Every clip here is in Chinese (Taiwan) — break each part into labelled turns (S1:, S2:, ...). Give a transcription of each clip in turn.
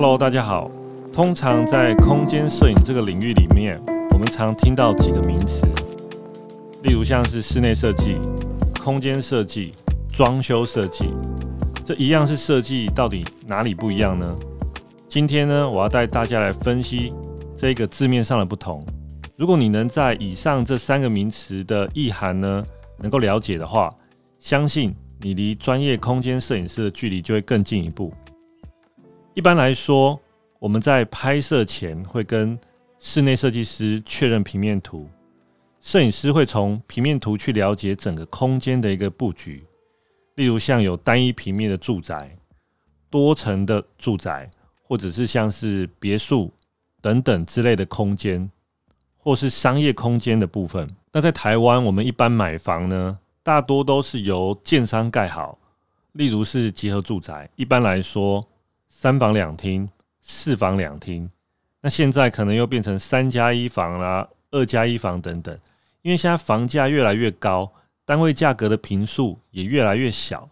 S1: Hello，大家好。通常在空間攝影這個領域裡面，我們常聽到幾個名詞，例如像是室內設計、空間設計、裝修設計，這一樣是設計，到底哪裡不一樣呢？今天呢，我要帶大家來分析這個字面上的不同。如果你能在以上這三個名詞的意涵呢，能夠了解的話，相信你離專業空間攝影師的距離就會更進一步。一般來說，我們在拍攝前會跟室內設計師確認平面圖。攝影師會從平面圖去了解整個空間的一個佈局，例如像有單一平面的住宅、多層的住宅，或者是像是別墅等等之類的空間，或是商業空間的部分。那在台灣，我們一般買房呢，大多都是由建商蓋好，例如是集合住宅。一般來說。三房兩廳、四房兩廳，那現在可能又變成三加一房啦、啊、二加一房等等，因為現在房價越來越高，單位價格的坪數也越來越小。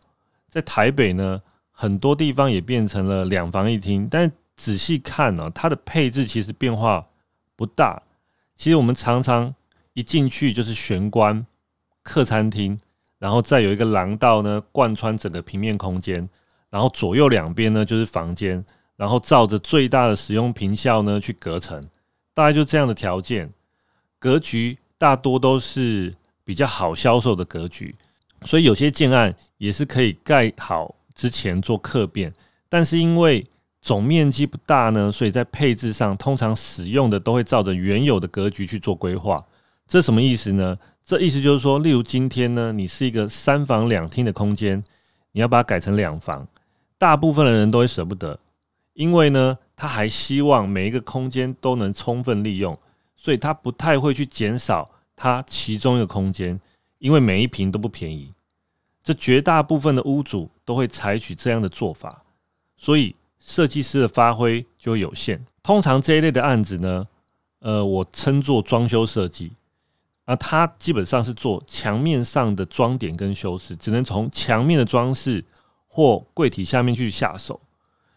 S1: 在台北呢，很多地方也變成了兩房一廳，但仔細看呢、哦，它的配置其實變化不大。其實我們常常一進去就是玄關、客餐廳，然後再有一個廊道呢，貫穿整個平面空間。然後左右兩邊呢，就是房間，然後照着最大的使用坪效呢去隔層，大概就這樣的條件，格局大多都是比較好銷售的格局，所以有些建案也是可以蓋好之前做客變，但是因為總面積不大呢，所以在配置上通常使用的都會照着原有的格局去做規劃。這什麼意思呢？這意思就是說，例如今天呢，你是一個三房兩廳的空間，你要把它改成兩房。大部分的人都會捨不得，因為呢，他還希望每一個空間都能充分利用，所以他不太會去減少他其中一個空間，因為每一坪都不便宜。這絕大部分的屋主都會採取這樣的做法，所以設計師的發揮就會有限。通常這一類的案子呢，呃，我稱作裝修設計，啊，它基本上是做牆面上的裝點跟修飾，只能從牆面的裝飾。或櫃體下面去下手，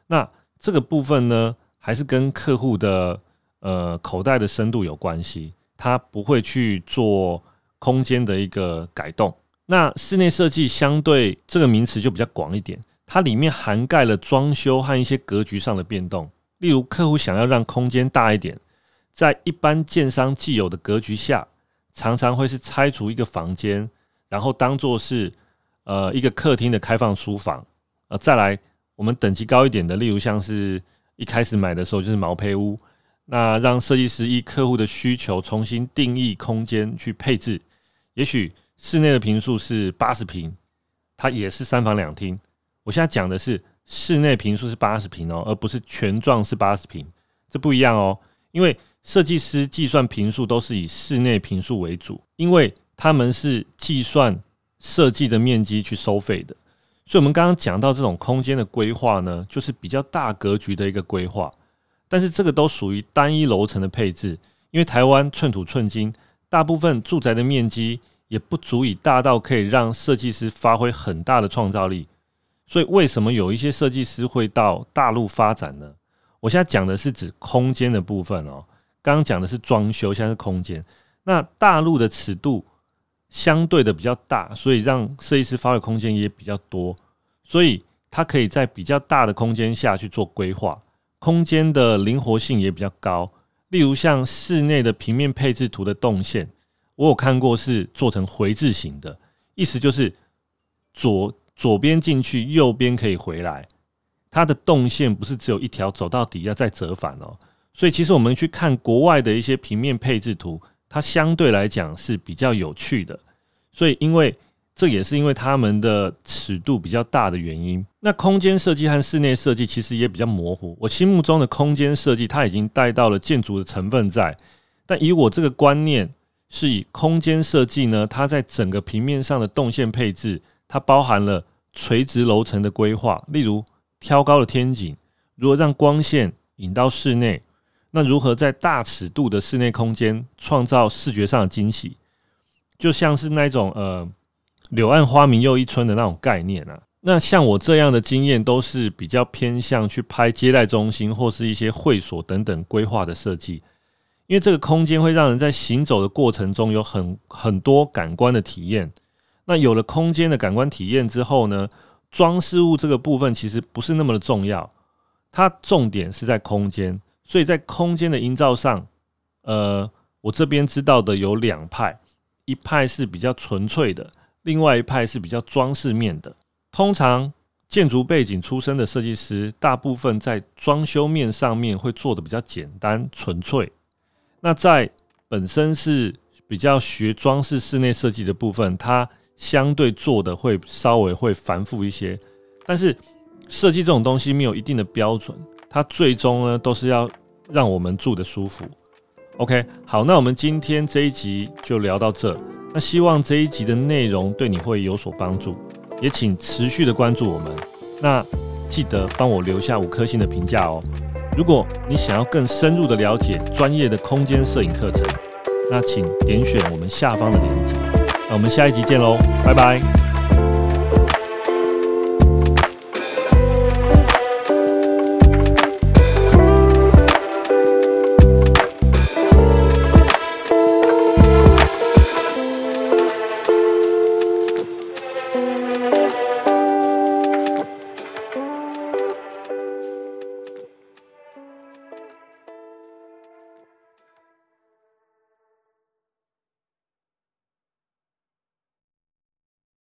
S1: 那這個部分呢，還是跟客戶的呃口袋的深度有關係，它不會去做空間的一個改動。那室內設計相對這個名詞就比較廣一點，它裡面涵蓋了裝修和一些格局上的變動。例如，客戶想要讓空間大一點，在一般建商既有的格局下，常常會是拆除一個房間，然後當做是，呃，一個客廳的開放書房，呃，再來我們等級高一點的，例如像是一開始買的時候就是毛坯屋，那讓設計師依客戶的需求重新定義空間去配置。也許室內的坪數是八十坪，它也是三房兩廳。我現在講的是室內坪數是八十坪哦，而不是權狀是八十坪，這不一樣哦。因為設計師計算坪數都是以室內坪數為主，因為他們是計算。設計的面積去收費的，所以我們剛剛講到這種空間的規劃呢，就是比較大格局的一個規劃，但是這個都屬於單一樓層的配置，因為台灣寸土寸金，大部分住宅的面積也不足以大到可以讓設計師發揮很大的創造力，所以為什麼有一些設計師會到大陸發展呢？我現在講的是指空間的部分哦，剛剛講的是裝修，現在是空間，那大陸的尺度，相對的比較大，所以讓設計師發揮空間也比較多，所以他可以在比較大的空間下去做規劃，空間的靈活性也比較高。例如像室內的平面配置圖的動線，我有看過是做成回字形的，意思就是左左邊進去，右邊可以回來，它的動線不是只有一條走到底要再折返哦。所以其實我們去看國外的一些平面配置圖。它相對來講是比較有趣的，所以因為這也是因為它們的尺度比較大的原因。那空間設計和室內設計其實也比較模糊。我心目中的空間設計，它已經帶到了建築的成分在，但以我這個觀念，是以空間設計呢，它在整個平面上的動線配置，它包含了垂直樓層的規劃，例如挑高的天井，如何讓光線引到室內。那如何在大尺度的室內空間創造視覺上的驚喜，就像是那種呃“柳暗花明又一村”的那種概念啊。那像我這樣的經驗都是比較偏向去拍接待中心或是一些會所等等規劃的設計，因為這個空間會讓人在行走的過程中有很很多感官的體驗。那有了空間的感官體驗之後呢，裝飾物這個部分其實不是那麼的重要，它重點是在空間。所以在空間的營造上，呃，我這邊知道的有兩派，一派是比較純粹的，另外一派是比較裝飾面的。通常建築背景出身的設計師，大部分在裝修面上面會做得比較簡單純粹。那在本身是比較學裝飾室內設計的部分，它相對做的會稍微會繁複一些。但是設計這種東西沒有一定的標準。它最終呢，都是要讓我們住得舒服。OK，好，那我們今天這一集就聊到這。那希望這一集的內容對你會有所幫助，也請持續的關注我們。那記得幫我留下五顆星的評價哦。如果你想要更深入的了解專業的空間攝影課程，那請點選我們下方的鏈接。那我們下一集見嘍，拜拜。